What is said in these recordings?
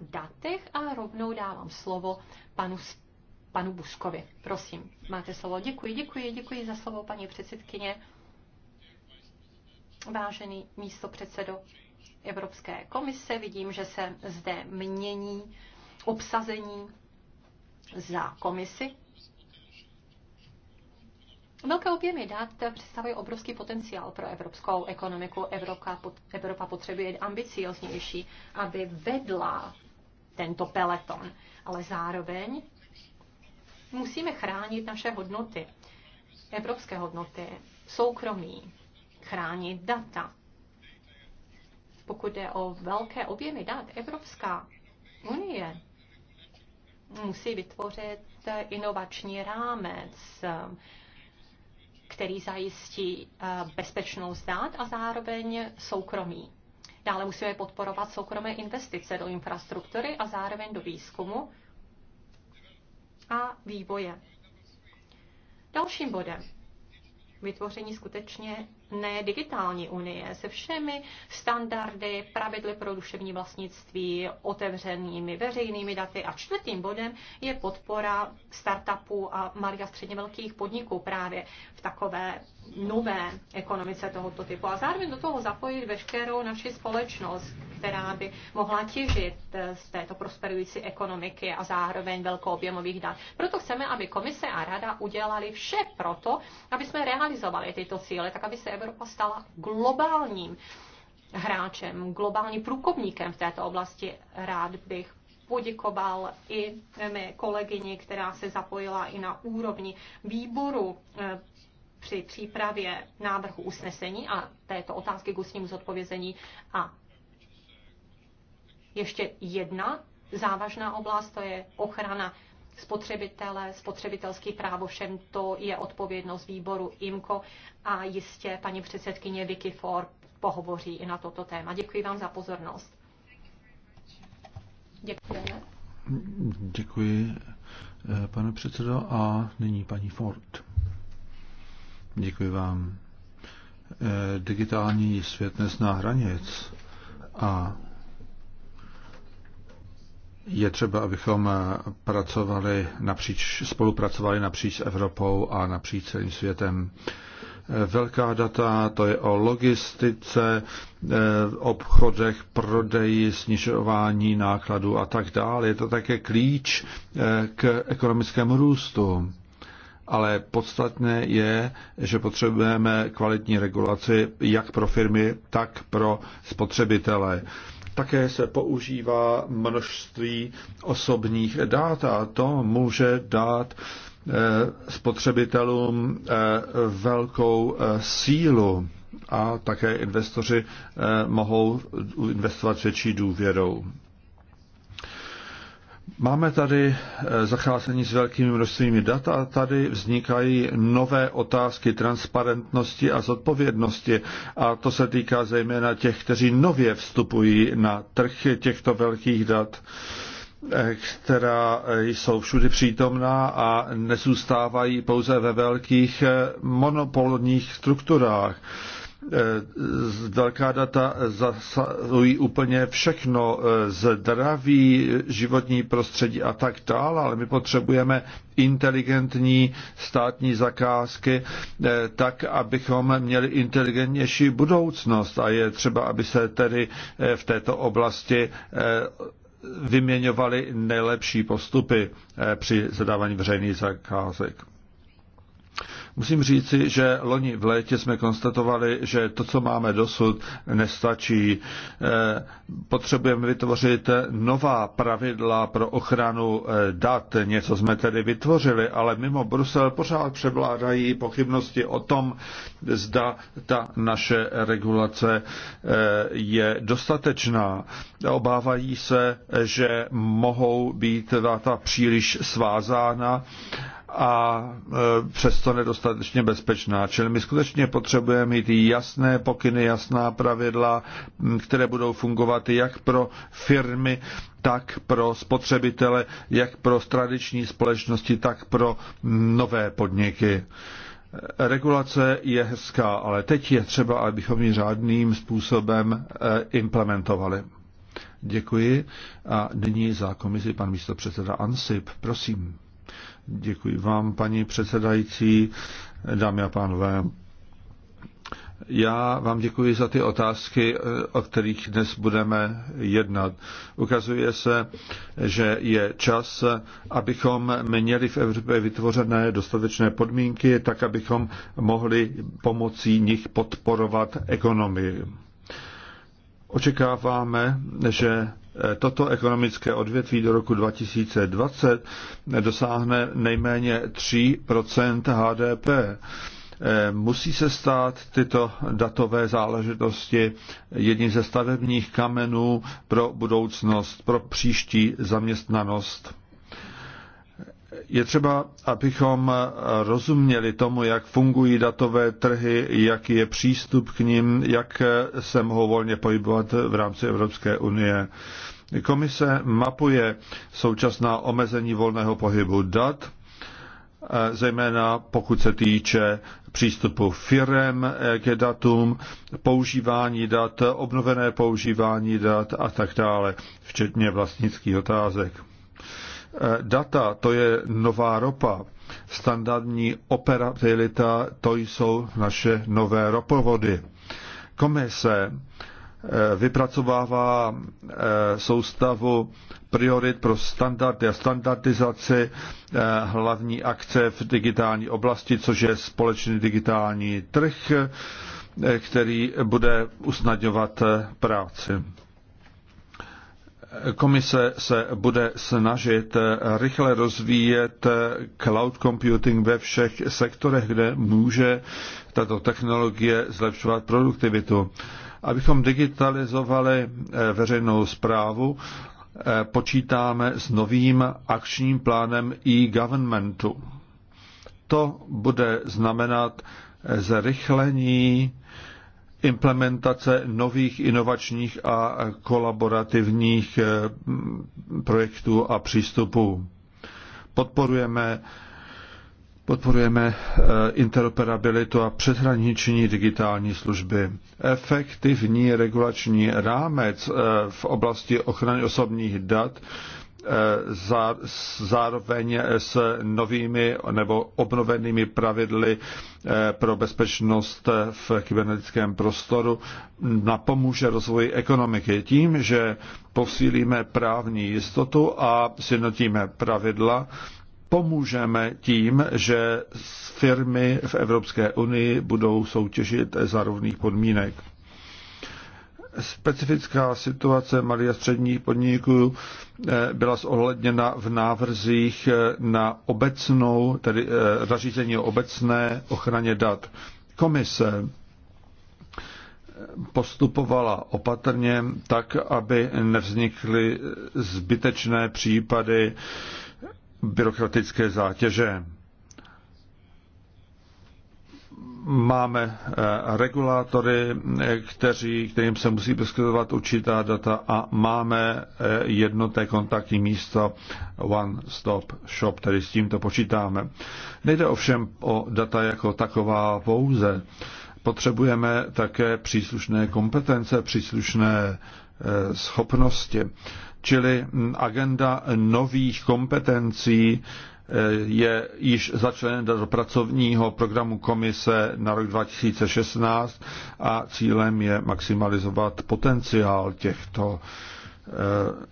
datech a rovnou dávám slovo panu, panu Buskovi. Prosím, máte slovo. Děkuji, děkuji, děkuji za slovo, paní předsedkyně. Vážený místo předsedo Evropské komise, vidím, že se zde mění obsazení za komisi. Velké objemy dat představují obrovský potenciál pro evropskou ekonomiku. Evropa, Evropa potřebuje ambicioznější, aby vedla tento peleton. Ale zároveň musíme chránit naše hodnoty, evropské hodnoty, soukromí, chránit data. Pokud jde o velké objemy dat, Evropská unie musí vytvořit inovační rámec, který zajistí eh, bezpečnost dát a zároveň soukromí. Dále musíme podporovat soukromé investice do infrastruktury a zároveň do výzkumu a vývoje. Dalším bodem vytvoření skutečně ne digitální unie se všemi standardy, pravidly pro duševní vlastnictví, otevřenými veřejnými daty. A čtvrtým bodem je podpora startupů a malých a středně velkých podniků právě v takové nové ekonomice tohoto typu a zároveň do toho zapojit veškerou naši společnost, která by mohla těžit eh, z této prosperující ekonomiky a zároveň velkoobjemových dat. Proto chceme, aby komise a rada udělali vše proto, aby jsme realizovali tyto cíle, tak aby se Evropa stala globálním hráčem, globálním průkopníkem v této oblasti. Rád bych poděkoval i mé kolegyni, která se zapojila i na úrovni výboru eh, při přípravě návrhu usnesení a této otázky k ústnímu zodpovězení. A ještě jedna závažná oblast, to je ochrana spotřebitele, spotřebitelský právo, všem to je odpovědnost výboru IMCO a jistě paní předsedkyně Vicky Ford pohovoří i na toto téma. Děkuji vám za pozornost. Děkujeme. Děkuji, eh, pane předsedo, a nyní paní Ford. Děkuji vám. Eh, digitální svět nezná hranic a je třeba, abychom eh, pracovali napříč, spolupracovali napříč Evropou a napříč celým světem. Eh, velká data, to je o logistice, obchodech, prodeji, snižování nákladů a tak dále. Je to také klíč k ekonomickému růstu ale podstatné je, že potřebujeme kvalitní regulaci jak pro firmy, tak pro spotřebitele. Také se používá množství osobních dát a to může dát eh, spotřebitelům eh, velkou eh, sílu a také investoři mohou investovat větší důvěrou. Máme tady eh, zacházení s velkými množstvími dat a tady vznikají nové otázky transparentnosti a zodpovědnosti a to se týká zejména těch, kteří nově vstupují na trh těchto velkých dat eh, která eh, jsou všudy přítomná a nezůstávají pouze ve velkých monopolních strukturách. Eh, velká data zasahují úplně všechno, eh, zdraví, životní prostředí a tak dále, ale my potřebujeme inteligentní státní zakázky, eh, tak, abychom měli inteligentnější budoucnost a je třeba, aby se tedy v této oblasti vyměňovaly nejlepší postupy při zadávání veřejných zakázek. Musím říci, že loni v létě jsme konstatovali, že to, co máme dosud, nestačí. Eh, potřebujeme vytvořit nová pravidla pro ochranu eh, dat. Něco jsme tedy vytvořili, ale mimo Brusel pořád převládají pochybnosti o tom, zda ta naše regulace eh, je dostatečná. Obávají se, že mohou být data příliš svázána a e, přesto nedostatečně bezpečná. Čili my skutečně potřebujeme mít jasné pokyny, jasná pravidla, které budou fungovat jak pro firmy, tak pro spotřebitele, jak pro tradiční společnosti, tak pro nové podniky. Regulace je hezká, ale teď je třeba, abychom ji řádným způsobem e, implementovali. Děkuji. A nyní za komisi pan předseda Ansip. Prosím. Děkuji vám, paní předsedající, dámy a pánové. Já vám děkuji za ty otázky, o kterých dnes budeme jednat. Ukazuje se, že je čas, abychom měli v Evropě vytvořené dostatečné podmínky, tak abychom mohli pomocí nich podporovat ekonomii. Očekáváme, že eh, toto ekonomické odvětví do roku 2020 eh, dosáhne nejméně 3 HDP. Eh, musí se stát tyto datové záležitosti jedním ze stavebních kamenů pro budoucnost, pro příští zaměstnanost. Je třeba, abychom rozuměli tomu, jak fungují datové trhy, jaký je přístup k nim, jak se mohou volně pohybovat v rámci Evropské unie. Komise mapuje současná omezení volného pohybu dat, eh, zejména pokud se týče přístupu firem eh, k datům, používání dat, obnovené používání dat a tak dále, včetně vlastnických otázek. Eh, data to je nová ropa. Standardní operabilita to jsou naše nové ropovody. Komise eh, vypracovává eh, soustavu priorit pro standardy a standardizaci hlavní akce v digitální oblasti, což je společný digitální trh, který bude usnadňovat práci. Komise se bude snažit rychle rozvíjet cloud computing ve všech sektorech, kde může tato technologie zlepšovat produktivitu. Abychom digitalizovali eh, veřejnou zprávu, eh, počítáme s novým akčním plánem e-governmentu. To bude znamenat eh, zrychlení implementace nových inovačních a kolaborativních eh, projektů a přístupů. Podporujeme Podporujeme eh, interoperabilitu a přeshraniční digitální služby. Efektivní regulační rámec eh, v oblasti ochrany osobních dat zároveň s novými nebo obnovenými pravidly eh, pro bezpečnost v kybernetickém prostoru napomůže rozvoji ekonomiky tím, že posílíme právní jistotu a sjednotíme pravidla, pomůžeme tím, že firmy v Evropské unii budou soutěžit za rovných podmínek specifická situace malých a středních podniků eh, byla zohledněna v návrzích eh, na obecnou, tedy eh, zařízení o obecné ochraně dat. Komise postupovala opatrně tak, aby nevznikly zbytečné případy byrokratické zátěže. máme eh, regulátory, eh, kteří, kterým se musí poskytovat určitá data a máme eh, jednotné kontaktní místo One Stop Shop, tedy s tímto počítáme. Nejde ovšem o data jako taková pouze. Potřebujeme také příslušné kompetence, příslušné schopnosti, čili hm, agenda nových kompetencí, Eh, je již začlen do pracovního programu komise na rok 2016 a cílem je maximalizovat potenciál těchto eh,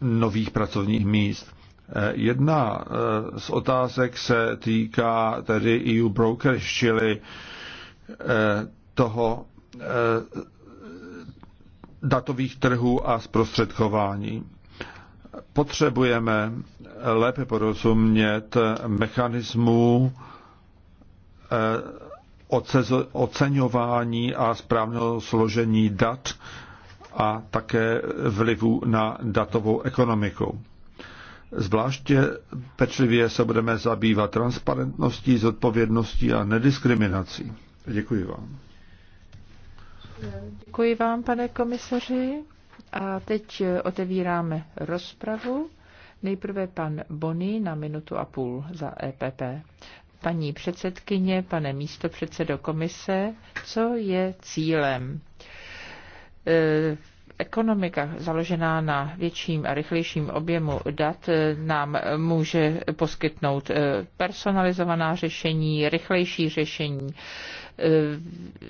nových pracovních míst. Eh, jedna z otázek se týká tedy EU Brokers, čili toho datových trhů a zprostředkování potřebujeme lépe porozumět mechanismu eh, oceňování a správného složení dat a také vlivu na datovou ekonomiku. Zvláště pečlivě se budeme zabývat transparentností, zodpovědností a nediskriminací. Děkuji vám. Děkuji vám, pane komisaři. A teď eh, otevíráme rozpravu. Nejprve pan Bony na minutu a půl za EPP. Paní předsedkyně, pane místopředsedo komise, co je cílem? E ekonomika založená na větším a rychlejším objemu dat eh, nám může poskytnout personalizovaná řešení, rychlejší řešení, Eh,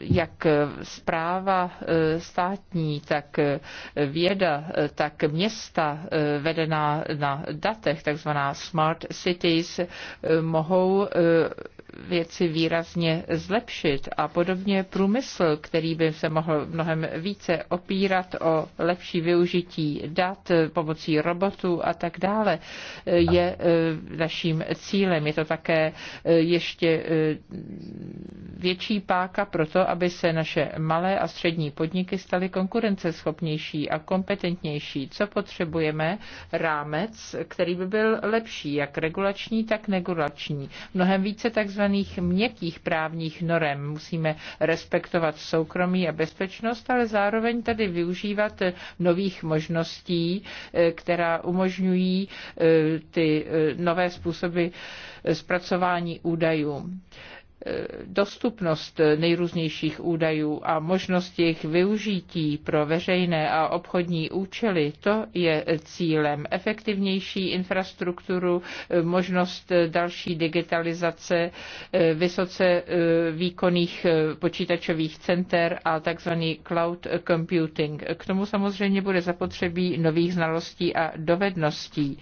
jak zpráva eh, státní, tak eh, věda, tak města vedená na datech, takzvaná smart cities, mohou věci výrazně zlepšit a podobně průmysl, který by se mohl mnohem více opírat o lepší využití dat pomocí robotů a tak dále, je e, naším cílem. Je to také e, ještě e, větší páka pro to, aby se naše malé a střední podniky staly konkurenceschopnější a kompetentnější. Co potřebujeme? Rámec, který by byl lepší, jak regulační, tak negulační. Mnohem více takzvaných takzvaných měkkých právních norem. Musíme respektovat soukromí a bezpečnost, ale zároveň tady využívat nových možností, eh, která umožňují eh, ty eh, nové způsoby zpracování údajů dostupnost nejrůznějších údajů a možnost jejich využití pro veřejné a obchodní účely, to je cílem. Efektivnější infrastrukturu, možnost další digitalizace, vysoce eh, výkonných eh, počítačových center a takzvaný cloud computing. K tomu samozřejmě bude zapotřebí nových znalostí a dovedností.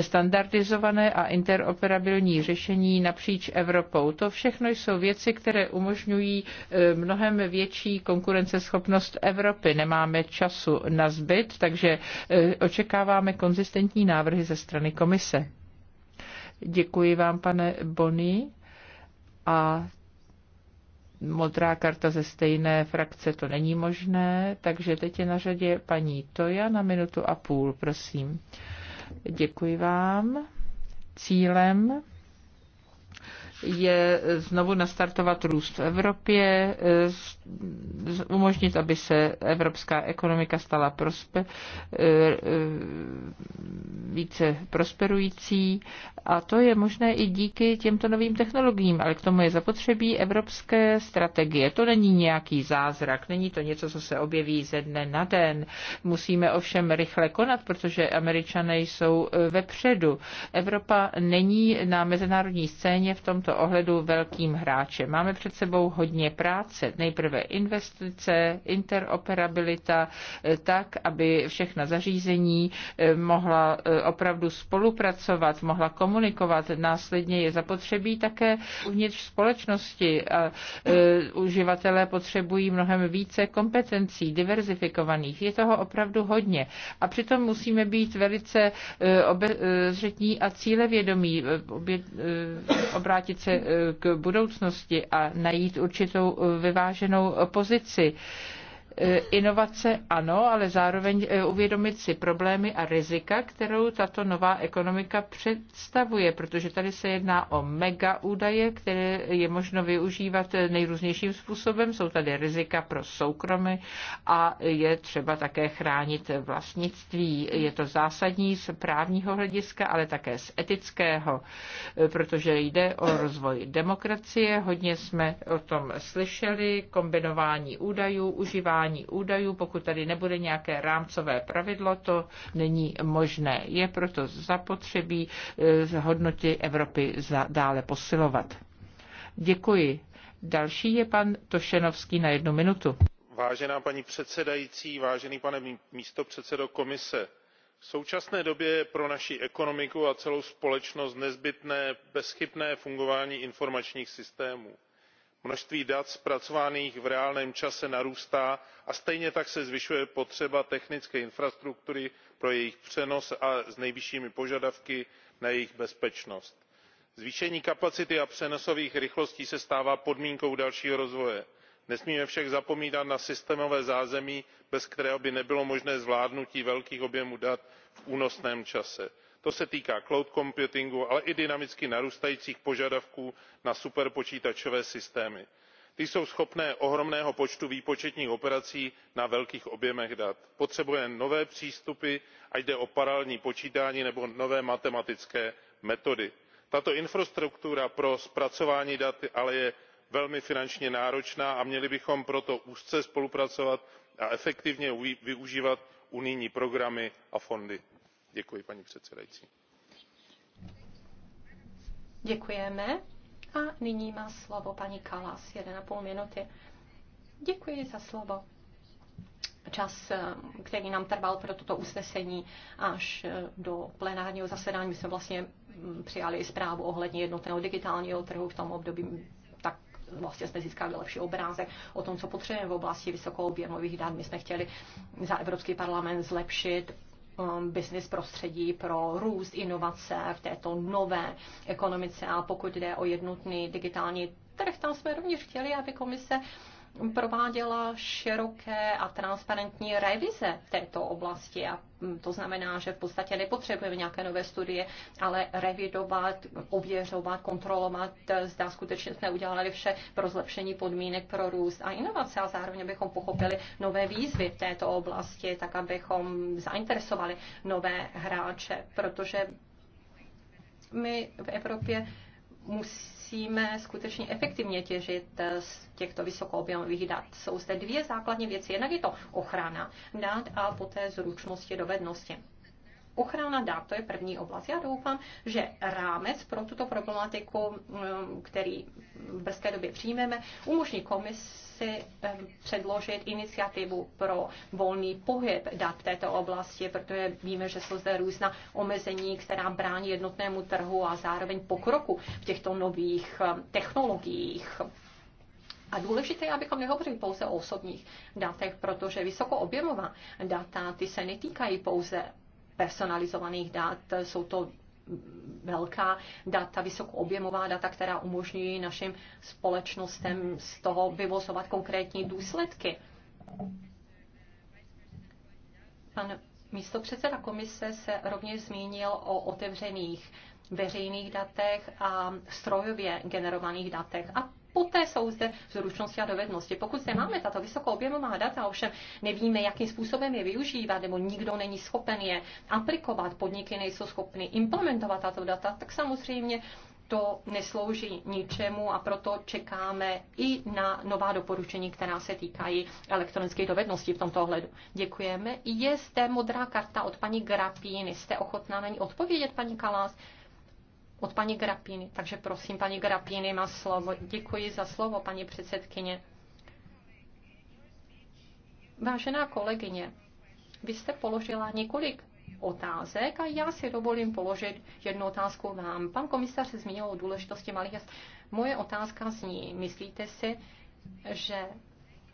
Standardizované a interoperabilní řešení napříč Evropou. To všechno všechno jsou věci, které umožňují e, mnohem větší konkurenceschopnost Evropy. Nemáme času na zbyt, takže e, očekáváme konzistentní návrhy ze strany komise. Děkuji vám, pane Bony. A modrá karta ze stejné frakce to není možné, takže teď je na řadě paní Toja na minutu a půl, prosím. Děkuji vám. Cílem je znovu nastartovat růst v Evropě, umožnit, aby se evropská ekonomika stala prospe, eh, eh, více prosperující a to je možné i díky těmto novým technologiím, ale k tomu je zapotřebí evropské strategie. To není nějaký zázrak, není to něco, co se objeví ze dne na den. Musíme ovšem rychle konat, protože američané jsou e, vepředu. Evropa není na mezinárodní scéně v tomto ohledu velkým hráčem. Máme před sebou hodně práce. Nejprve investice, interoperabilita, e, tak, aby všechna zařízení e, mohla opravdu spolupracovat, mohla komunikovat. Následně je zapotřebí také uvnitř společnosti. A, e, uživatelé potřebují mnohem více kompetencí, diverzifikovaných. Je toho opravdu hodně. A přitom musíme být velice e, obezřetní a cílevědomí, e, obě, e, obrátit se e, k budoucnosti a najít určitou e, vyváženou pozici. E, Eh, inovace ano, ale zároveň eh, uvědomit si problémy a rizika, kterou tato nová ekonomika představuje, protože tady se jedná o mega údaje, které je možno využívat eh, nejrůznějším způsobem. Jsou tady rizika pro soukromy a je třeba také chránit vlastnictví. Je to zásadní z právního hlediska, ale také z etického, protože jde o rozvoj demokracie. Hodně jsme o tom slyšeli, kombinování údajů, užívání zpracování údajů. Pokud tady nebude nějaké rámcové pravidlo, to není možné. Je proto zapotřebí eh, hodnoty Evropy dále posilovat. Děkuji. Další je pan Tošenovský na jednu minutu. Vážená paní předsedající, vážený pane místopředsedo komise, v současné době je pro naši ekonomiku a celou společnost nezbytné bezchybné fungování informačních systémů množství dat zpracovaných v reálném čase narůstá a stejně tak se zvyšuje potřeba technické infrastruktury pro jejich přenos s nejvyššími požadavky na jejich bezpečnost. zvýšení kapacity a přenosových rychlostí se stává podmínkou dalšího rozvoje. nesmíme však zapomínat na systémové zázemí bez kterého by nebylo možné zvládnutí velkých objemů dat v únosném čase to se týká cloud computingu ale i dynamicky narůstajících požadavků na superpočítačové systémy. ty jsou schopné ohromného počtu výpočetních operací na velkých objemech dat. potřebujeme nové přístupy ať jde o paralelní počítání nebo nové matematické metody. tato infrastruktura pro zpracování dat ale je velmi finančně náročná a měli bychom proto úzce spolupracovat a efektivně využívat unijní programy a fondy. Děkuji, paní předsedající. Děkujeme. A nyní má slovo paní Kalas, 1,5 minuty. Děkuji za slovo. Čas, který nám trval pro toto usnesení až eh, do plenárního zasedání, my jsme vlastně mm, přijali zprávu ohledně jednotného digitálního trhu v tom období mm, tak vlastně jsme získali lepší obrázek o tom, co potřebujeme v oblasti vysokoobjemových dat. My jsme chtěli za Evropský parlament zlepšit Um, business prostředí pro růst, inovace v této nové ekonomice. A pokud jde o jednotný digitální trh, tam jsme rovněž chtěli, aby komise prováděla široké a transparentní revize této oblasti a mm, to znamená, že v podstatě nepotřebujeme nějaké nové studie, ale revidovat, ověřovat, kontrolovat, zda skutečně jsme udělali vše pro zlepšení podmínek pro růst a inovace a zároveň bychom pochopili nové výzvy v této oblasti, tak abychom zainteresovali nové hráče, protože my v Evropě musí musíme skutečně efektivně těžit eh, z těchto vysokoobjemových dat. Jsou zde dvě základní věci. Jednak je to ochrana dat a poté zručnosti dovednosti. Ochrana dat, to je první oblast. Já doufám, že rámec pro tuto problematiku, mm, který v brzké době přijmeme, umožní komis komisi eh, předložit iniciativu pro volný pohyb dat v této oblasti, protože víme, že jsou zde různá omezení, která brání jednotnému trhu a zároveň pokroku v těchto nových eh, technologiích. A důležité je, abychom nehovořili pouze o osobních datech, protože vysokoobjemová data, ty se netýkají pouze personalizovaných dat, jsou to velká data, vysokoobjemová data, která umožňují našim společnostem z toho vyvozovat konkrétní důsledky. Pan místo předseda komise se rovněž zmínil o otevřených veřejných datech a strojově generovaných datech. A Poté jsou zde zručnosti a dovednosti. Pokud zde máme tato vysoko objemová data, ovšem nevíme, jakým způsobem je využívat, nebo nikdo není schopen je aplikovat, podniky nejsou schopny implementovat tato data, tak samozřejmě to neslouží ničemu a proto čekáme i na nová doporučení, která se týkají elektronické dovednosti v tomto ohledu. Děkujeme. Je zde modrá karta od paní Grapín. Jste ochotná na ní odpovědět, paní Kalás? od paní Grapíny. Takže prosím, paní Grapíny má slovo. Děkuji za slovo, paní předsedkyně. Vážená kolegyně, vy jste položila několik otázek a já si dovolím položit jednu otázku vám. Pan komisař se zmínil o důležitosti malých jazd. Moje otázka zní, myslíte si, že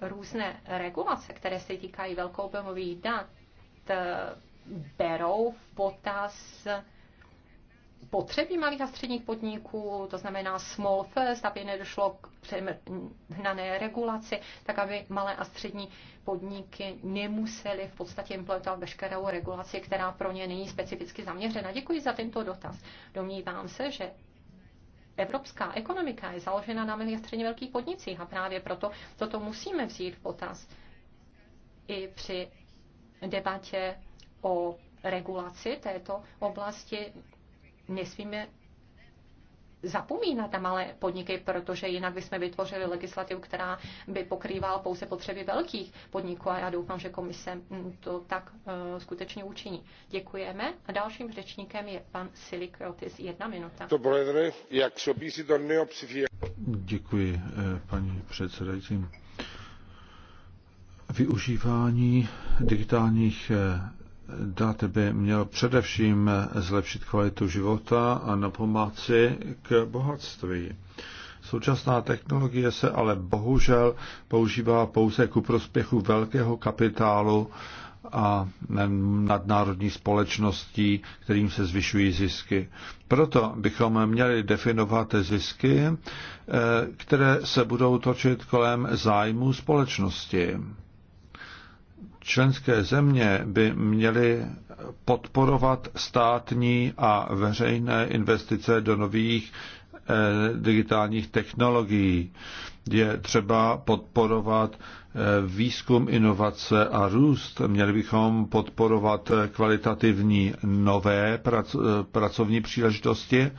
různé regulace, které se týkají velkoobjemových dat, eh, berou v potaz potřeby malých a středních podniků, to znamená small first, aby nedošlo k přehnané regulaci, tak aby malé a střední podniky nemusely v podstatě implementovat veškerou regulaci, která pro ně není specificky zaměřena. Děkuji za tento dotaz. Domnívám se, že Evropská ekonomika je založena na malých a středně velkých podnicích a právě proto toto musíme vzít v potaz i při debatě o regulaci této oblasti nesmíme zapomínat na malé podniky, protože jinak bychom vytvořili legislativu, která by pokrývala pouze potřeby velkých podniků a já doufám, že komise mm, to tak uh, skutečně učiní. Děkujeme a dalším řečníkem je pan Rotis. Jedna minuta. To jak Děkuji, eh, paní předsedající. Využívání digitálních eh, Dát by měl především zlepšit kvalitu života a napomáci k bohatství. Současná technologie se ale bohužel používá pouze ku prospěchu velkého kapitálu a nadnárodní společností, kterým se zvyšují zisky. Proto bychom měli definovat zisky, eh, které se budou točit kolem zájmu společnosti. Členské země by měly podporovat státní a veřejné investice do nových eh, digitálních technologií. Je třeba podporovat eh, výzkum, inovace a růst. Měli bychom podporovat eh, kvalitativní nové pracovní příležitosti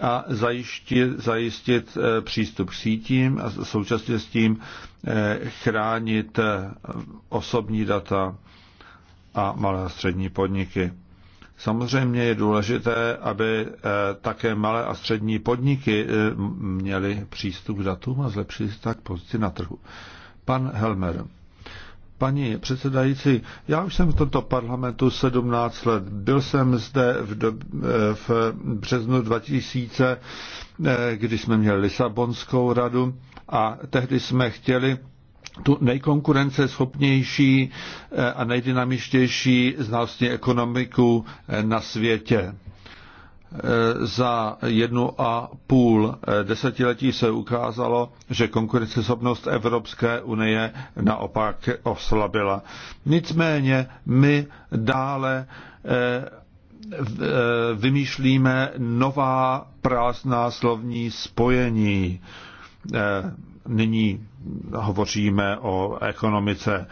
a zajistit, zajistit eh, přístup k sítím a současně s tím eh, chránit eh, osobní data a malé a střední podniky. Samozřejmě je důležité, aby také malé a střední podniky měly přístup k datům a zlepšili tak pozici na trhu. Pan Helmer. Paní předsedající, já už jsem v tomto parlamentu 17 let. Byl jsem zde v, do, eh, v březnu 2000, eh, když jsme měli Lisabonskou radu a tehdy jsme chtěli tu nejkonkurenceschopnější eh, a nejdynamičtější znalostní ekonomiku na světě. Eh, za jednu a půl eh, desetiletí se ukázalo, že konkurenceschopnost Evropské unie naopak oslabila. Nicméně my dále eh, vymýšlíme nová prázdná slovní spojení. Nyní hovoříme o ekonomice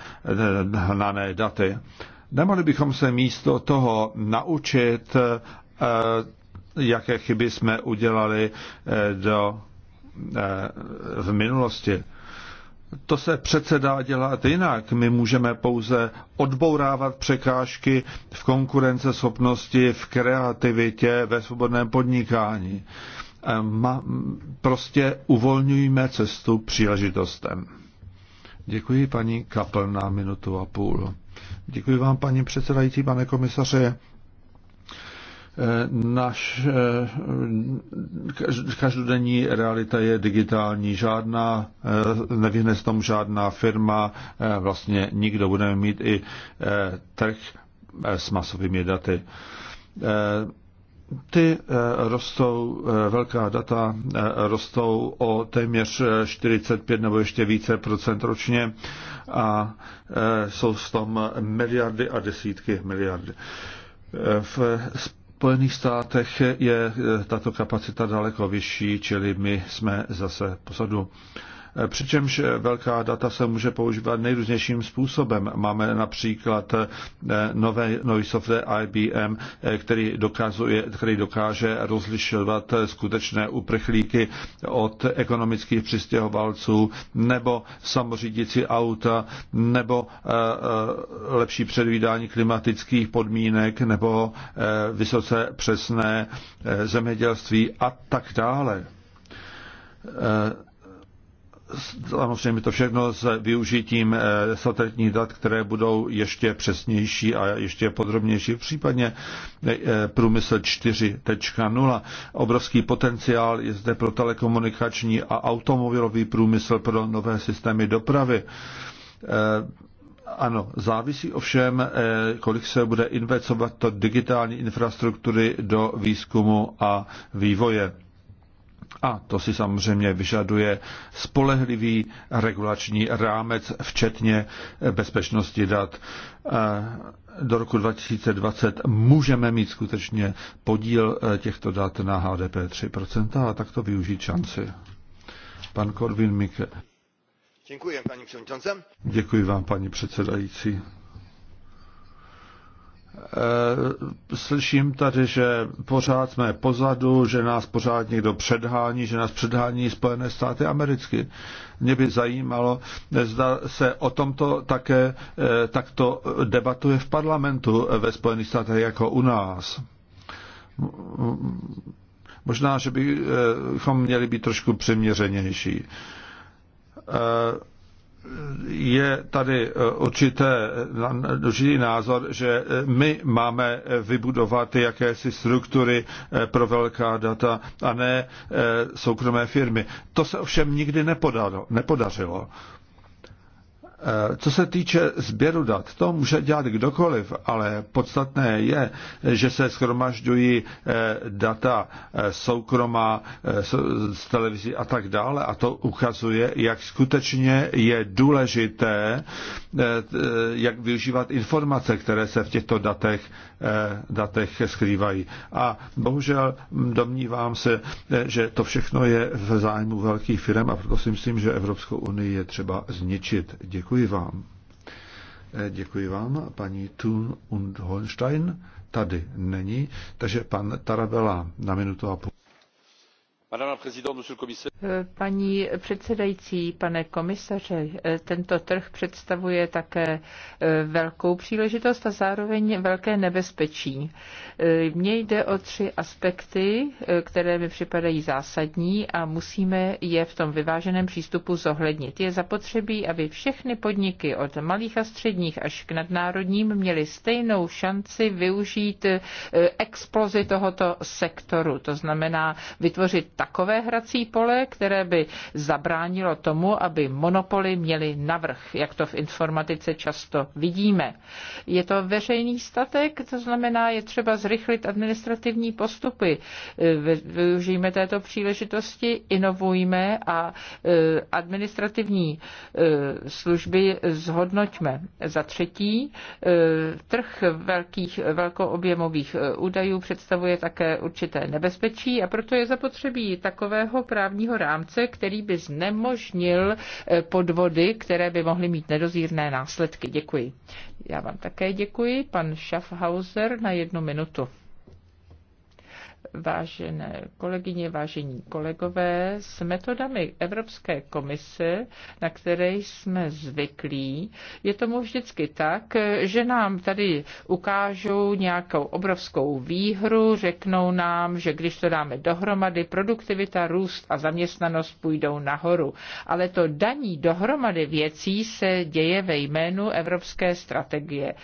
hnané daty. Nemohli bychom se místo toho naučit jaké chyby jsme udělali eh, do, eh, v minulosti. To se přece dá dělat jinak. My můžeme pouze odbourávat překážky v konkurenceschopnosti, v kreativitě, ve svobodném podnikání. Eh, prostě uvolňujeme cestu příležitostem. Děkuji paní kapelná na minutu a půl. Děkuji vám, paní předsedající, pane komisaře. Naš eh, každodenní realita je digitální. Žádná, eh, nevyhne se tomu žádná firma, eh, vlastně nikdo. Budeme mít i trh s masovými daty. Ty rostou, velká data rostou o téměř 45 nebo ještě více procent ročně a jsou v tom miliardy a desítky miliardy. V Spojených státech je tato kapacita daleko vyšší, čili my jsme zase posadu. Přičemž velká data se může používat nejrůznějším způsobem. Máme například eh, nové, nový software IBM, eh, který, dokazuje, který dokáže rozlišovat eh, skutečné uprchlíky od ekonomických přistěhovalců nebo samořídící auta nebo lepší předvídání klimatických podmínek nebo vysoce přesné zemědělství a tak dále Samozřejmě to všechno s využitím eh, satelitních dat, které budou ještě přesnější a ještě podrobnější, případně eh, eh, průmysl 4.0. Obrovský potenciál je zde pro telekomunikační a automobilový průmysl pro nové systémy dopravy. Ano, závisí ovšem, kolik se bude investovat do digitální infrastruktury, do výzkumu a vývoje a to si samozřejmě vyžaduje spolehlivý regulační rámec, včetně bezpečnosti dat. Do roku 2020 můžeme mít skutečně podíl e, těchto dat na HDP 3% a tak to využít šanci. Pan Korvin Mike. Děkuji, paní předsedající. Děkuji vám, paní předsedající. Eh, slyším tady, že pořád jsme pozadu, že nás pořád někdo předhání, že nás předhání Spojené státy americky. Mě by zajímalo, zda se o tomto také eh, takto debatuje v parlamentu ve Spojených státech jako u nás. Možná, že bychom měli být trošku přiměřenější eh, je tady eh, určité, určitý názor, že eh, my máme eh, vybudovat jakési struktury pro velká data a ne soukromé firmy. To se ovšem nikdy nepodalo, nepodařilo. Eh, co se týče sběru dat, to může dělat kdokoliv, ale podstatné je, že se schromažďují eh, data eh, soukromá z televizí a tak dále a to ukazuje, jak skutečně je důležité, jak využívat informace, které se v těchto datech, datech skrývají. A bohužel domnívám se, že to všechno je v zájmu velkých firm a proto si myslím, že Evropskou unii je třeba zničit. Děkuji. Děkuji vám. Eh, děkuji vám. Paní Thun und Holstein tady není, takže pan Tarabela na minutu a půl. Eh, paní předsedající, pane komisaři, eh, tento trh představuje také eh, velkou příležitost a zároveň velké nebezpečí. Mně jde o tři aspekty, které mi připadají zásadní a musíme je v tom vyváženém přístupu zohlednit. Je zapotřebí, aby všechny podniky od malých a středních až k nadnárodním měly stejnou šanci využít explozi tohoto sektoru, to znamená vytvořit tak takové hrací pole, které by zabránilo tomu, aby monopoly měly navrh, jak to v informatice často vidíme. Je to veřejný statek, to znamená, je třeba zrychlit administrativní postupy. E, Využijme této příležitosti, inovujme a e, administrativní e, služby zhodnoťme. Za třetí, trh velkých, velkoobjemových údajů představuje také určité nebezpečí a proto je zapotřebí potřebují takového právního rámce, který by znemožnil eh, podvody, které by mohly mít nedozírné následky. Děkuji. Já vám také děkuji. Pan Schaffhauser na jednu minutu vážené kolegyně, vážení kolegové, s metodami Evropské komise, na které jsme zvyklí, je tomu vždycky tak, že nám tady ukážou nějakou obrovskou výhru, řeknou nám, že když to dáme dohromady, produktivita, růst a zaměstnanost půjdou nahoru. Ale to daní dohromady věcí se děje ve jménu Evropské strategie.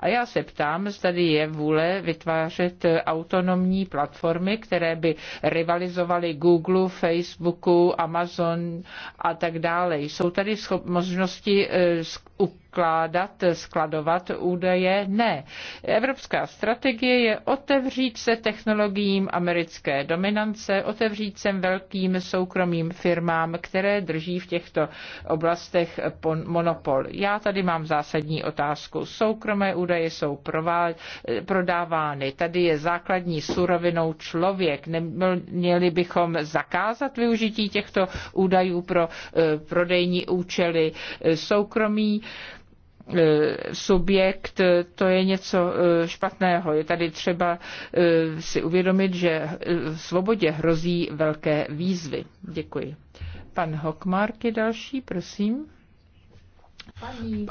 A já se ptám, zda je vůle vytvářet autonomní platformu, platformy, které by rivalizovaly Google, Facebooku, Amazon a tak dále. Jsou tady schop- možnosti eh, vkládat, skladovat údaje. Ne. Evropská strategie je otevřít se technologiím americké dominance, otevřít se velkým soukromým firmám, které drží v těchto oblastech monopol. Já tady mám zásadní otázku. Soukromé údaje jsou prodávány. Tady je základní surovinou člověk. Neměli bychom zakázat využití těchto údajů pro eh, prodejní účely eh, soukromí Eh, subjekt, to je něco eh, špatného. Je tady třeba eh, si uvědomit, že v svobodě hrozí velké výzvy. Děkuji. Pan Hokmark je další, prosím. Paní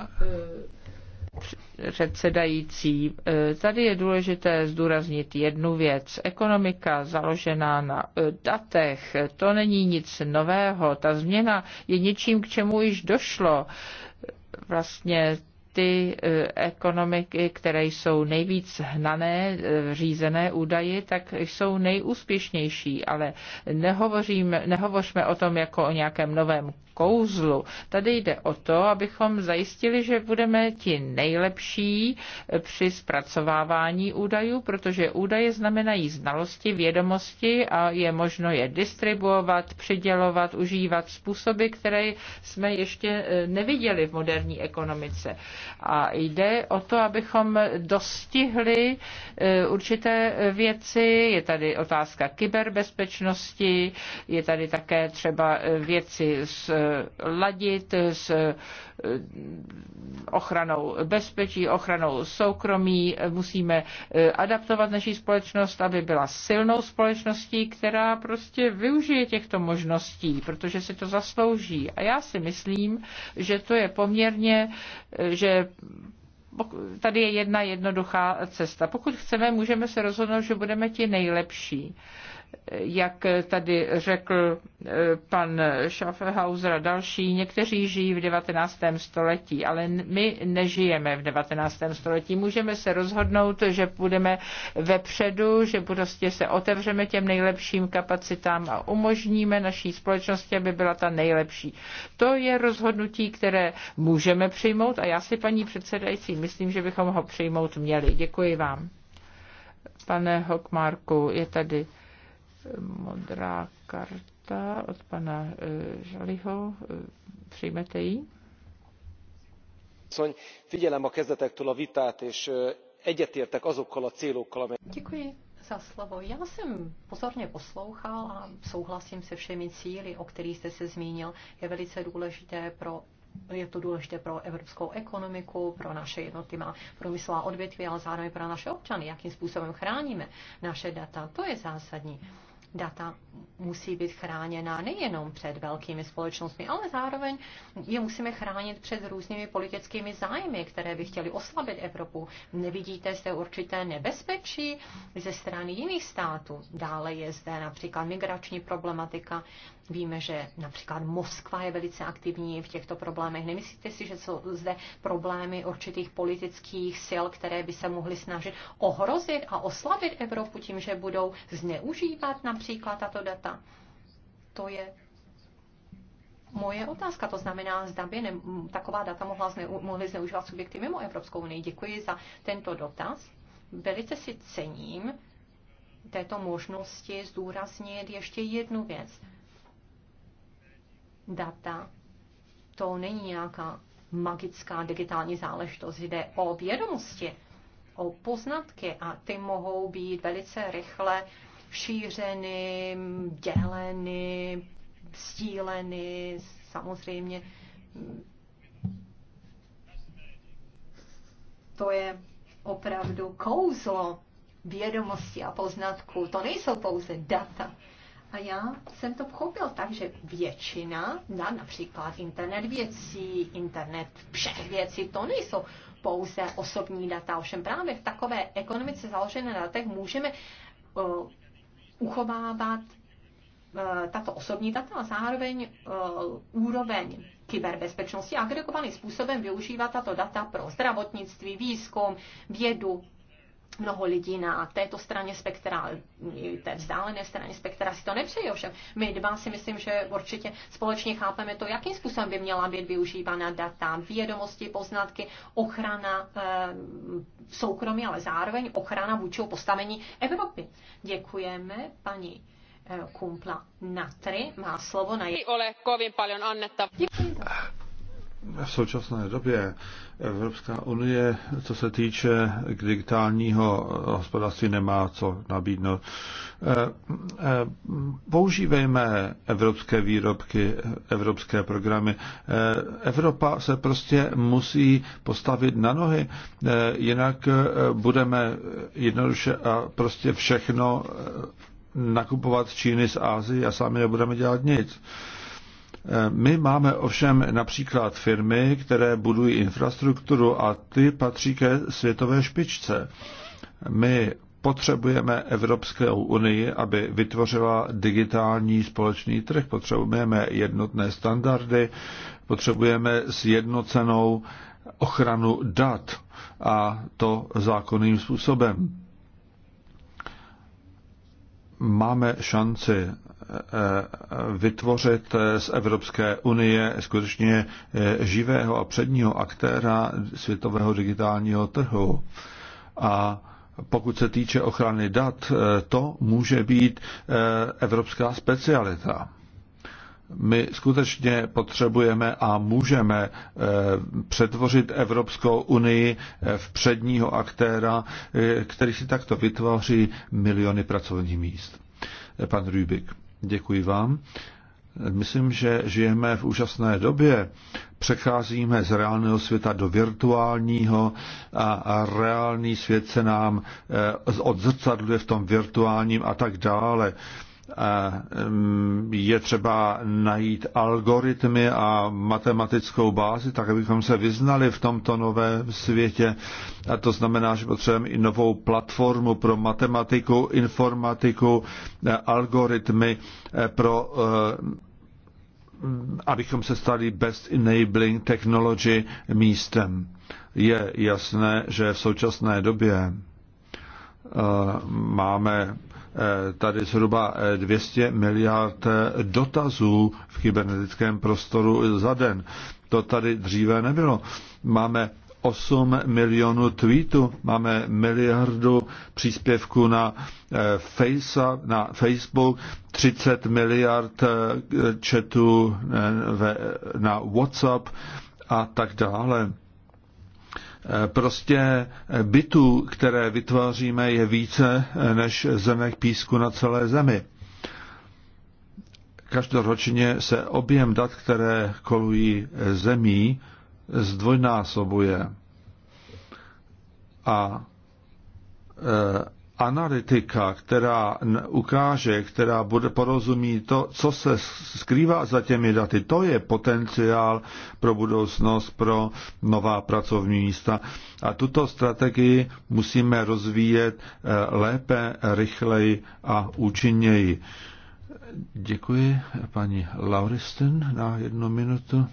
předsedající, tady je důležité zdůraznit jednu věc. Ekonomika založená na datech, to není nic nového. Ta změna je něčím, k čemu již došlo vlastně ty eh, ekonomiky, které jsou nejvíc hnané, eh, řízené údaji, tak jsou nejúspěšnější, ale nehovořím, nehovořme o tom jako o nějakém novém kouzlu. Tady jde o to, abychom zajistili, že budeme ti nejlepší eh, při zpracovávání údajů, protože údaje znamenají znalosti, vědomosti a je možno je distribuovat, přidělovat, užívat způsoby, které jsme ještě neviděli v moderní ekonomice. A jde o to, abychom dostihli e, určité věci. Je tady otázka kyberbezpečnosti, je tady také třeba e, věci sladit s e, Eh, ochranou bezpečí, ochranou soukromí. Musíme eh, adaptovat naši společnost, aby byla silnou společností, která prostě využije těchto možností, protože si to zaslouží. A já si myslím, že to je poměrně, eh, že tady je jedna jednoduchá cesta. Pokud chceme, můžeme se rozhodnout, že budeme ti nejlepší jak tady řekl eh, pan Schaffhauser a další, někteří žijí v 19. století, ale my nežijeme v 19. století. Můžeme se rozhodnout, že budeme vepředu, že prostě se otevřeme těm nejlepším kapacitám a umožníme naší společnosti, aby byla ta nejlepší. To je rozhodnutí, které můžeme přijmout a já si, paní předsedající, myslím, že bychom ho přijmout měli. Děkuji vám. Pane Hokmarku, je tady modrá karta od pana eh, Žaliho. Eh, přijmete ji? vidělám a kezdetektől a vitát, és eh, egyetértek azokkal a célokkal, amely... Děkuji za slovo. Já jsem pozorně poslouchal a souhlasím se všemi cíly, o kterých jste se zmínil. Je velice důležité pro je to důležité pro evropskou ekonomiku, pro naše jednotlivá průmyslová odvětví, ale zároveň pro naše občany, jakým způsobem chráníme naše data. To je zásadní data musí být chráněna nejenom před velkými společnostmi, ale zároveň je musíme chránit před různými politickými zájmy, které by chtěly oslabit Evropu. Nevidíte zde určité nebezpečí ze strany jiných států. Dále je zde například migrační problematika, Víme, že například Moskva je velice aktivní v těchto problémech. Nemyslíte si, že jsou zde problémy určitých politických sil, které by se mohly snažit ohrozit a oslabit Evropu tím, že budou zneužívat například tato data? To je moje otázka. To znamená, zda by ne, taková data mohla zneu, mohly zneužívat subjekty mimo Evropskou unii. Děkuji za tento dotaz. Velice si cením této možnosti zdůraznit ještě jednu věc data. To není nějaká magická digitální záležitost, jde o vědomosti, o poznatky a ty mohou být velice rychle šířeny, děleny, stíleny, samozřejmě to je opravdu kouzlo vědomosti a poznatků. To nejsou pouze data, a já jsem to pochopil tak, že většina na například internet věcí, internet všech věcí, to nejsou pouze osobní data. Ovšem právě v takové ekonomice založené na datech můžeme uh, uchovávat uh, tato osobní data a zároveň uh, úroveň kyberbezpečnosti agregovaným způsobem využívat tato data pro zdravotnictví, výzkum, vědu, mnoho lidí na této straně spektra, té vzdálené straně spektra si to nepřeje. Ovšem, my dva si myslím, že určitě společně chápeme to, jakým způsobem by měla být využívána data, vědomosti, poznatky, ochrana eh, soukromí, ale zároveň ochrana vůči postavení Evropy. Děkujeme paní eh, Kumpla Natry. Má slovo na... Ei je... ole kovin paljon v současné době Evropská unie, co se týče digitálního hospodářství, nemá co nabídnout. Eh, eh, používejme evropské výrobky, evropské programy. Eh, Evropa se prostě musí postavit na nohy, jinak budeme jednoduše a prostě všechno nakupovat z Číny, z Ázie a sami nebudeme dělat nic. My máme ovšem například firmy, které budují infrastrukturu a ty patří ke světové špičce. My potřebujeme Evropskou unii, aby vytvořila digitální společný trh. Potřebujeme jednotné standardy, potřebujeme sjednocenou ochranu dat a to zákonným způsobem. Máme šanci Eh, vytvořit z Evropské unie skutečně eh, živého a předního aktéra světového digitálního trhu. A pokud se týče ochrany dat, eh, to může být evropská specialita. My skutečně potřebujeme a můžeme přetvořit Evropskou unii v předního aktéra, který si takto vytvoří miliony pracovních míst. Pan Rübik. Děkuji vám. Myslím, že žijeme v úžasné době. Přecházíme z reálného světa do virtuálního a reálný svět se nám eh, odzrcadluje v tom virtuálním a tak dále. Mm, je třeba najít algoritmy a matematickou bázi, tak abychom se vyznali v tomto novém světě. A to znamená, že potřebujeme i novou platformu pro matematiku, informatiku, e, algoritmy e, pro e, abychom se stali best enabling technology místem. Je jasné, že v současné době máme Eh, tady zhruba 200 eh, miliard eh, dotazů v kybernetickém prostoru za den. To tady dříve nebylo. Máme 8 milionů tweetů, máme miliardu příspěvků na, Face, na Facebook, 30 miliard chatů na WhatsApp a tak dále. Prostě bytů, které vytváříme, je více než zemek písku na celé zemi. Každoročně se objem dat, které kolují zemí, zdvojnásobuje. A e, analytika, která ukáže, která bude porozumí to, co se skrývá za těmi daty, to je potenciál pro budoucnost, pro nová pracovní místa. A tuto strategii musíme rozvíjet eh, lépe, rychleji a účinněji. Děkuji paní Lauristin na jednu minutu.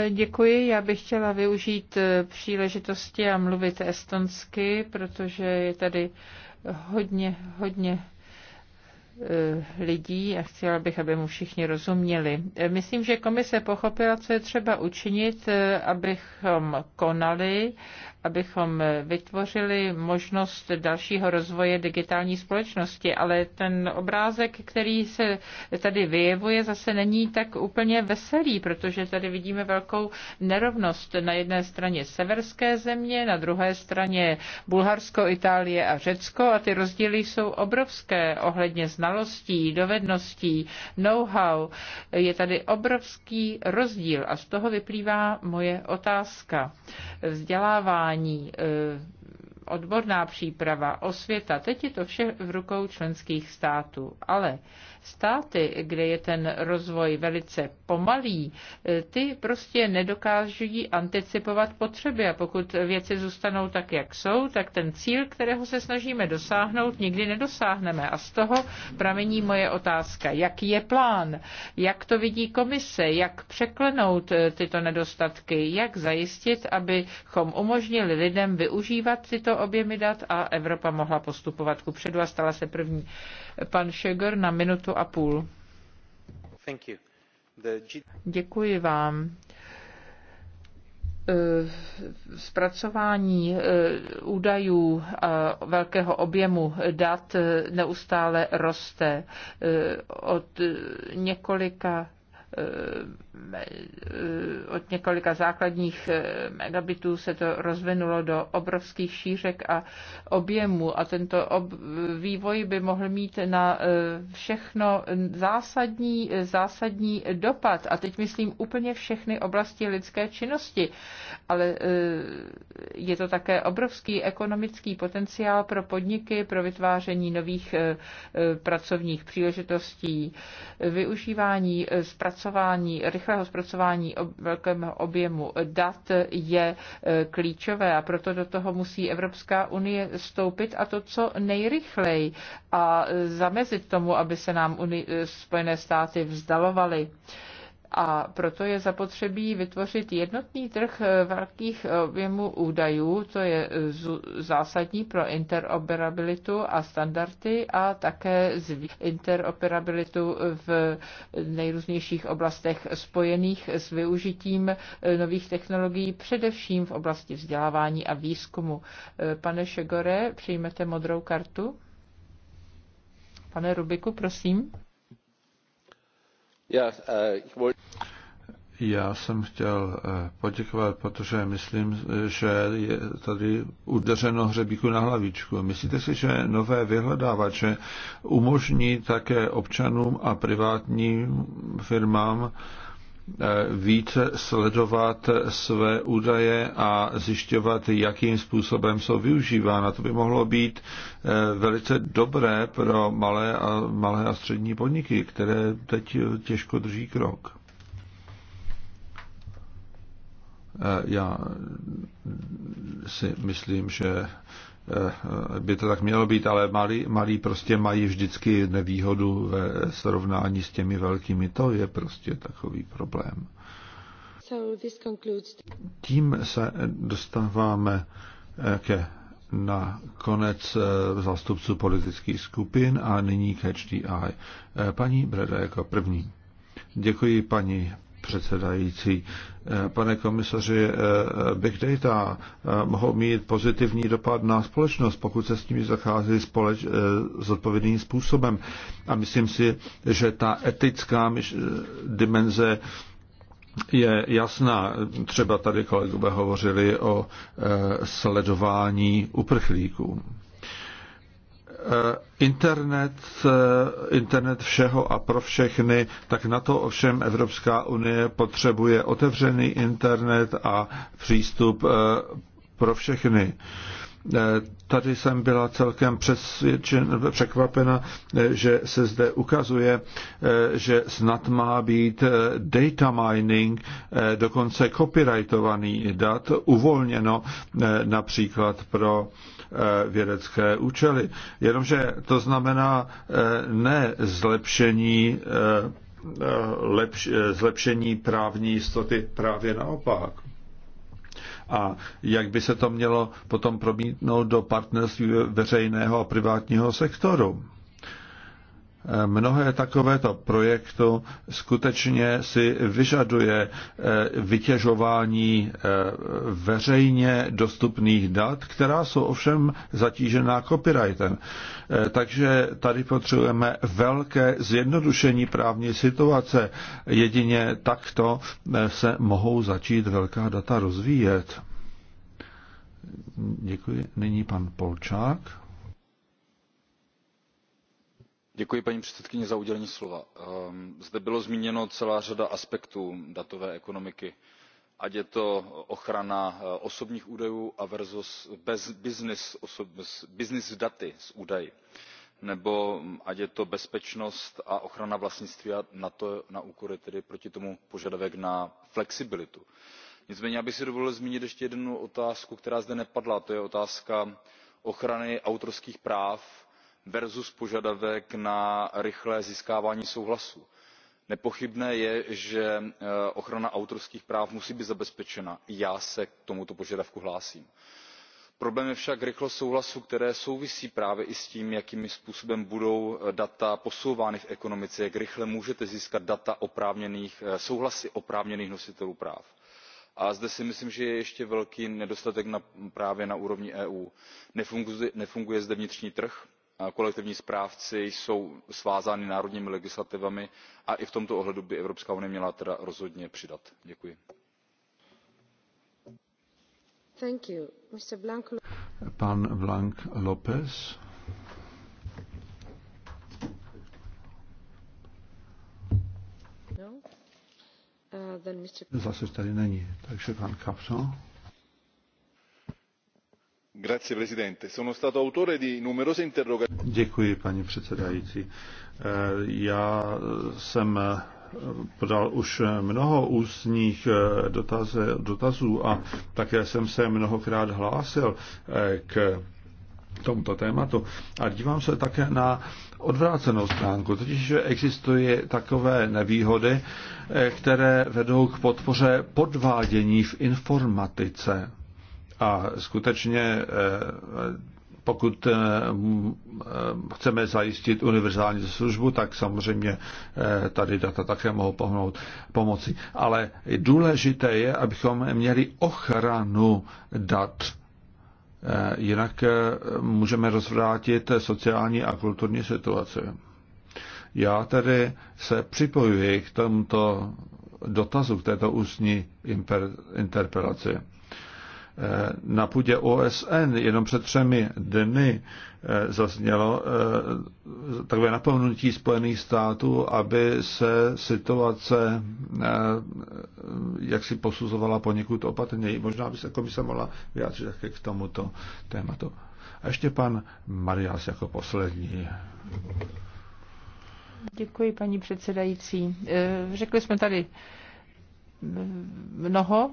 Eh, děkuji, já bych chtěla využít eh, příležitosti a mluvit estonsky, protože je tady hodně, hodně Eh, lidí a chtěla bych, aby mu všichni rozuměli. Eh, myslím, že komise pochopila, co je třeba učinit, eh, abychom konali, abychom vytvořili možnost dalšího rozvoje digitální společnosti, ale ten obrázek, který se tady vyjevuje, zase není tak úplně veselý, protože tady vidíme velkou nerovnost na jedné straně severské země, na druhé straně Bulharsko, Itálie a Řecko a ty rozdíly jsou obrovské ohledně znám znalostí, dovedností, know-how. Je tady obrovský rozdíl a z toho vyplývá moje otázka. Vzdělávání, eh, odborná příprava, osvěta, teď je to vše v rukou členských států, ale státy, kde je ten rozvoj velice pomalý, eh, ty prostě nedokáží anticipovat potřeby a pokud věci zůstanou tak, jak jsou, tak ten cíl, kterého se snažíme dosáhnout, nikdy nedosáhneme. A z toho pramení moje otázka. Jaký je plán? Jak to vidí komise? Jak překlenout eh, tyto nedostatky? Jak zajistit, abychom umožnili lidem využívat tyto objemy dat a Evropa mohla postupovat ku předu a stala se první. Pan Šegor na minutu minutu a půl. Děkuji vám eh, zpracování eh, údajů a eh, velkého objemu dat neustále roste. Od několika Eh, eh, od několika základních eh, megabitů se to rozvinulo do obrovských šířek a objemů a tento ob- vývoj by mohl mít na všechno zásadní, zásadní dopad a teď myslím úplně všechny oblasti lidské činnosti, ale je to také obrovský ekonomický potenciál pro podniky, pro vytváření nových pracovních příležitostí, využívání zpracování zpracování, rychlého zpracování velkého objemu dat je e, klíčové a proto do toho musí Evropská unie stoupit a to co nejrychleji a e, zamezit tomu, aby se nám e, Spojené státy vzdalovaly a proto je zapotřebí vytvořit jednotný trh velkých objemů údajů, to je zásadní pro interoperabilitu a standardy a také interoperabilitu v nejrůznějších oblastech spojených s využitím nových technologií, především v oblasti vzdělávání a výzkumu. Pane Šegore, přijmete modrou kartu? Pane Rubiku, prosím. Já, uh, já jsem chtěl eh, poděkovat, protože myslím, že je tady udeřeno hřebíku na hlavičku. Myslíte si, že nové vyhledávače umožní také občanům a privátním firmám eh, více sledovat své údaje a zjišťovat, jakým způsobem jsou využívána. To by mohlo být eh, velice dobré pro malé a, malé a střední podniky, které teď těžko drží krok. Eh, já si myslím, že eh, by to tak mělo být, ale malí, malí prostě mají vždycky nevýhodu ve srovnání s těmi velkými. To je prostě takový problém. Tím se dostáváme eh, ke na konec zástupců politických skupin a nyní ke HDI. Paní Breda jako první. Děkuji paní předsedající. Eh, pane komisaři, eh, big data eh, mohou mít pozitivní dopad na společnost, pokud se s nimi zachází společ, s odpovědným způsobem. A myslím si, že ta etická dimenze je jasná. Třeba tady kolegové hovořili o sledování uprchlíků. Eh, internet, eh, internet všeho a pro všechny, tak na to ovšem Evropská unie potřebuje otevřený internet a přístup eh, pro všechny. Eh, tady jsem byla celkem eh, překvapena, eh, že se zde ukazuje, že snad má být data mining, dokonce copyrightovaný dat, uvolněno například pro vědecké účely. Jenomže to znamená ne zlepšení zlepšení právní jistoty právě naopak a jak by se to mělo potom promítnout do partnerství veřejného a privátního sektoru mnohé takovéto projektu skutečně si vyžaduje eh, vytěžování eh, veřejně dostupných dat, která jsou ovšem zatížená copyrightem. Eh, takže tady potřebujeme velké zjednodušení právní situace. Jedině takto se mohou začít velká data rozvíjet. Děkuji. Nyní pan Polčák paní předsedající ehm, zde byla zmíněna celá řada aspektů datové ekonomiky ať je to ochrana eh, osobních údajů versus byznys s daty s údaji nebo mm, ať je to bezpečnost a ochrana vlastnictví a na úkor tedy proti tomu požadavek na flexibilitu. nicméně já bych si dovolil zmínit ještě jednu otázku která zde nepadla a to je otázka ochrany autorských práv versus požadavek na rychlé získávání souhlasu. nepochybné je že eh, ochrana autorských práv musí být zabezpečena i já se k tomuto požadavku hlásím. problém je však rychlost souhlasu která souvisí právě i s tím jakým způsobem budou eh, data posouvána v ekonomice jak rychle můžete získat data eh, souhlasy oprávněných nositelů práv. a zde si myslím že je ještě velký nedostatek právě na úrovni eu. nefunguje zde vnitřní trh kolektivní správci jsou svázány národními legislativami a i v tomto ohledu by evropská unie měla tedy rozhodně přidat. děkuji. López. No. Uh, není, takže Děkuji, paní předsedající. Eh, já jsem eh, podal už mnoho ústních eh, dotazů a také jsem se mnohokrát hlásil k tomuto tématu. A dívám se také na odvrácenou stránku, totiž že existuje takové nevýhody, které vedou k podpoře podvádění v informatice. A skutečně, eh, pokud eh, chceme zajistit univerzální službu, tak samozřejmě eh, tady data také mohou pohnout pomoci. Ale důležité je, abychom měli ochranu dat. Jinak můžeme rozvrátit sociální a kulturní situaci. Já tedy se připojuji k tomuto dotazu, k této ústní interpelaci. Eh, na půdě OSN jenom před třemi dny eh, zaznělo eh, takové napomenutí Spojených států, aby se situace jak si posuzovala poněkud opatrněji. Možná by se komise mohla vyjádřit také k tomuto tématu. A ještě pan Marias jako poslední. Děkuji, paní předsedající. Řekli jsme tady mnoho.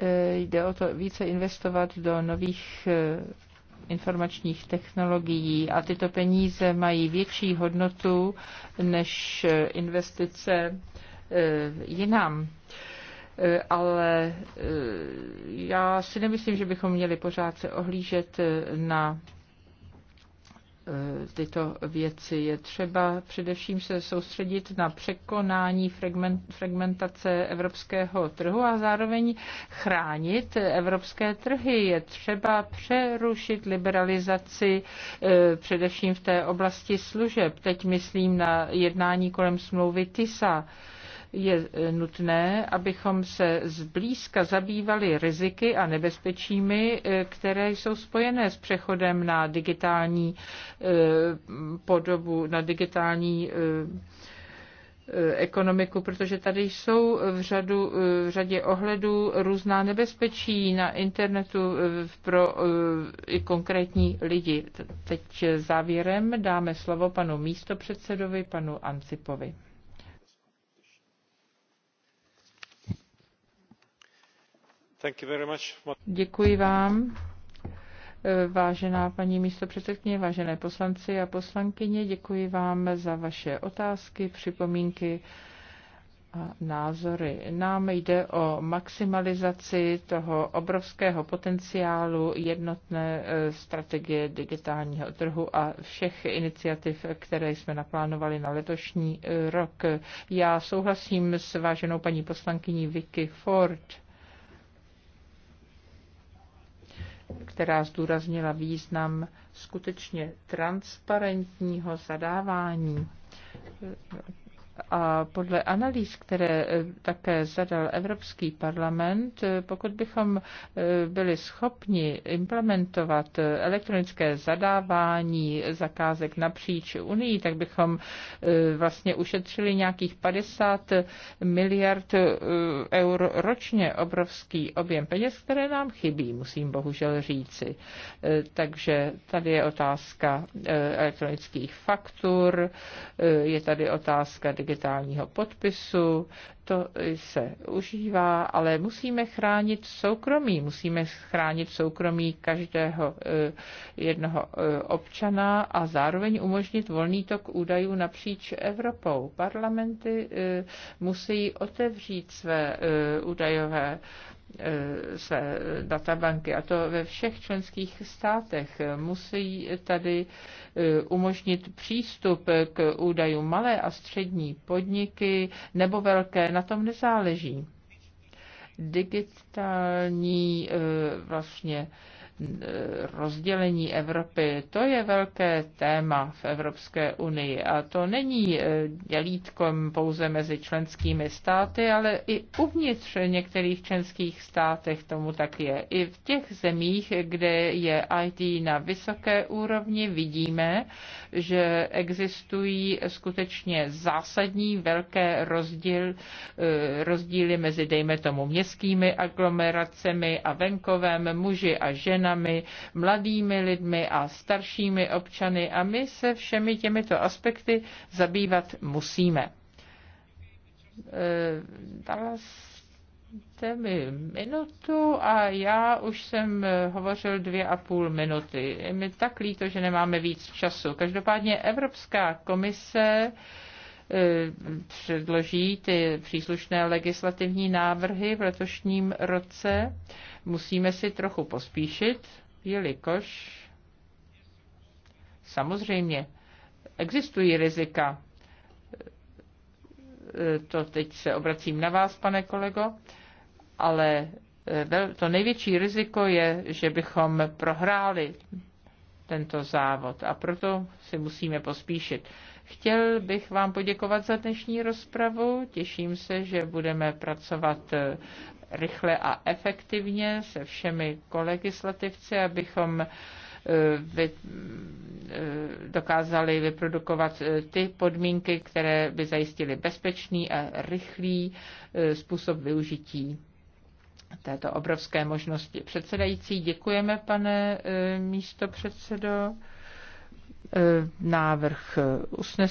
E, jde o to více investovat do nových e, informačních technologií a tyto peníze mají větší hodnotu než e, investice jinam ale já si nemyslím, že bychom měli pořád se ohlížet na Eh, tyto věci. Je třeba především se soustředit na překonání fragmentace evropského trhu a zároveň chránit evropské trhy. Je třeba přerušit liberalizaci eh, především v té oblasti služeb. Teď myslím na jednání kolem smlouvy TISA je e, nutné, abychom se zblízka zabývali riziky a nebezpečími, e, které jsou spojené s přechodem na digitální e, podobu, na digitální ekonomiku, protože tady jsou v, řadu, v řadě ohledů různá nebezpečí na internetu pro i konkrétní lidi. Teď závěrem dáme slovo panu místopředsedovi, panu Ancipovi. Děkuji vám. Vážená paní místopředsedkyně, vážené poslanci a poslankyně, děkuji vám za vaše otázky, připomínky a názory. Nám jde o maximalizaci toho obrovského potenciálu jednotné eh, strategie digitálního trhu a všech iniciativ, které jsme naplánovali na letošní eh, rok. Já souhlasím s váženou paní poslankyní Vicky Ford která zdůraznila význam skutečně transparentního zadávání a podle analýz, které eh, také zadal Evropský parlament, eh, pokud bychom eh, byli schopni implementovat elektronické zadávání zakázek napříč Unii, tak bychom vlastně ušetřili nějakých 50 miliard eur ročně obrovský objem peněz, které nám chybí, musím bohužel říci. Takže tady je otázka elektronických faktur, je tady otázka digitální digitálního podpisu, to se užívá, ale musíme chránit soukromí, musíme chránit soukromí každého eh, jednoho eh, občana a zároveň umožnit volný tok údajů napříč Evropou. Parlamenty eh, musí otevřít své údajové Eh, své databanky, a to ve všech členských státech. Musí tady eh, umožnit přístup k údajům malé a střední podniky nebo velké, na tom nezáleží. Digitální eh, vlastně rozdělení Evropy, to je velké téma v Evropské unii a to není eh, dělítkom pouze mezi členskými státy, ale i uvnitř některých členských státech tomu tak je. I v těch zemích, kde je IT na vysoké úrovni, vidíme, že existují skutečně zásadní velké rozdíl, eh, rozdíly mezi, dejme tomu, městskými aglomeracemi a venkovem, muži a ženy ženami, mladými lidmi a staršími občany a my se všemi těmito aspekty zabývat musíme. Eh, dala jste mi minutu a já už jsem hovořil dvě a půl minuty. Je mi tak líto, že nemáme víc času. Každopádně Evropská komise předloží ty příslušné legislativní návrhy v letošním roce. Musíme si trochu pospíšit, jelikož samozřejmě existují rizika. To teď se obracím na vás, pane kolego, ale eh, to největší riziko je, že bychom prohráli tento závod a proto si musíme pospíšit. Chtěl bych vám poděkovat za dnešní rozpravu. Těším se, že budeme pracovat eh, rychle a efektivně se všemi kolegislativci, abychom eh, vy, eh, dokázali vyprodukovat ty podmínky, které by zajistily bezpečný a rychlý způsob využití této obrovské možnosti. Předsedající, děkujeme, pane místo předsedo. Eh, návrh eh, usnesení